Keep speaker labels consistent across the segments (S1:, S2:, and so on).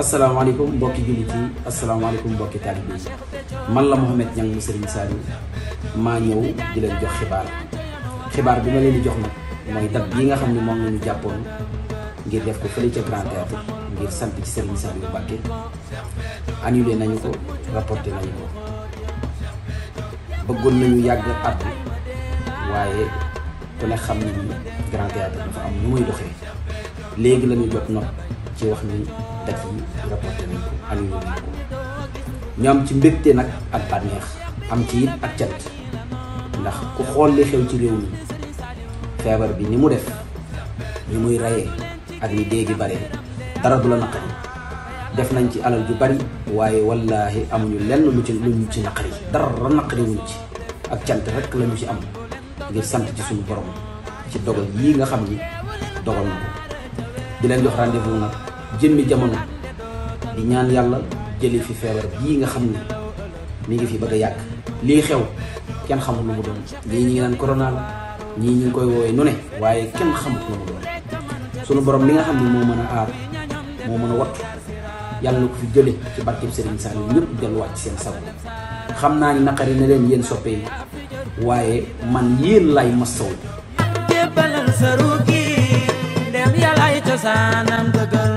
S1: asalaamaaleykum mbokki jullit yi asalaamaaleykum mbokki taalibe yi man la Mouhamed Niang mu Serigne Saliou maa ñëw di leen jox xibaar xibaar bi ma leen di jox nag mooy dab yi nga xam ne moom la ñu jàppoon ngir def ko fële ca Grand ci Serigne Saliou Mbacké annulé nañu ko rapporté nañu ko bëggoon nañu yàgg at waaye ku xam ne ni Grand Théâtre dafa am nu muy doxee léegi la jot nopp ci wax ni date yi reporté nañ ko annulé nañ ko ñu am ci mbégte nag ak bànneex am ci it ak cat ndax ku xool li xew ci réew mi feebar bi ni mu def ñu muy rayee ak ni dee bare dara du la naqari def nañ ci alal ju bari waaye wallaahi amuñu lenn lu ci lu ñu ci naqari dara naqari wuñ ci ak cant rek lañu ci am ngir sant ci suñu borom ci dogal yi nga xam ni dogal na ko di jox rendez-vous nag jëmmi jamono di ñaan yàlla jële fi feebar bii nga xam ne mi ngi fi bëgg a yàgg lii xew kenn xamul lu mu doon lii ñi ngi naan koronaal ñii ñi ngi koy woowee nu ne waaye kenn xamul lu mu doon sunu borom li nga xam ne moo mën a aar moo mën a wattu yàlla na ko fi jële ci barkeb Serigne Saliou ñëpp delluwaat ci seen sago xam naa ni naqari na leen yéen soppe waaye man yéen lay masaw jébbalal sa ruugi dem
S2: yàlla ay cosaanam dëggal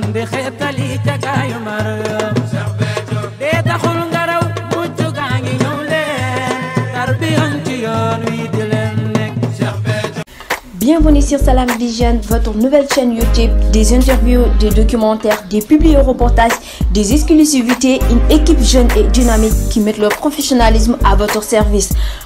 S2: man di xeetali
S3: Bienvenue sur Salam Vision, votre nouvelle chaîne YouTube, des interviews, des documentaires, des publireportages, des exclusivités, une équipe jeune et dynamique qui met leur professionnalisme à votre service.